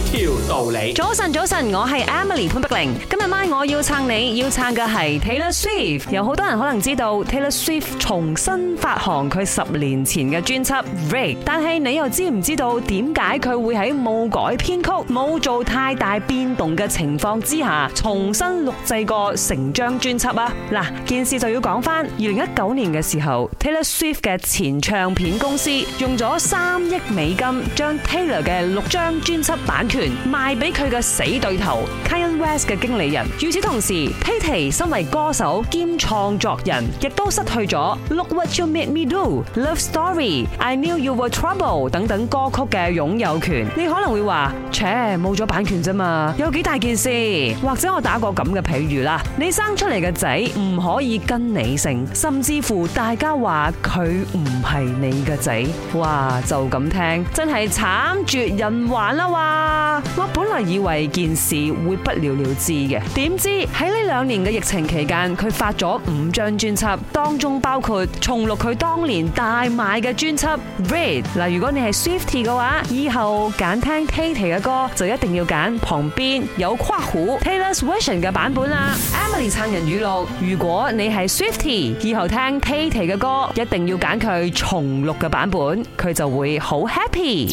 條道理，早晨早晨，我係 Emily 潘碧玲。今日晚上我要撐你，要撐嘅係 Taylor Swift。有好多人可能知道 Taylor Swift 重新發行佢十年前嘅專輯《Red》，但係你又知唔知道點解佢會喺冇改編曲、冇做太大變動嘅情況之下，重新錄製過成張專輯啊？嗱，件事就要講翻二零一九年嘅時候，Taylor Swift 嘅前唱片公司用咗三億美金將 Taylor 嘅六張專輯版。權賣俾佢嘅死對頭 Kanye West 嘅經理人。與此同時，Patty 身為歌手兼創作人，亦都失去咗《Look What You Made Me Do》、《Love Story》、《I Knew You Were Trouble》等等歌曲嘅擁有權。你可能會話：切，冇咗版權啫嘛，有幾大件事？或者我打個咁嘅比喻啦，你生出嚟嘅仔唔可以跟你姓，甚至乎大家話佢唔係你嘅仔，哇，就咁聽，真係慘絕人寰啦！我本嚟以為這件事會不了了之嘅，點知喺呢兩年嘅疫情期間，佢發咗五張專輯，當中包括重錄佢當年大賣嘅專輯《Red》。嗱，如果你係 Swiftie 嘅話，以後揀聽 Taylor 嘅歌就一定要揀旁邊有括弧 Taylor's Version 嘅版本啦。Emily 撐人語錄：如果你係 Swiftie，以後聽 Taylor 嘅歌，一定要揀佢重錄嘅版本，佢就會好 happy。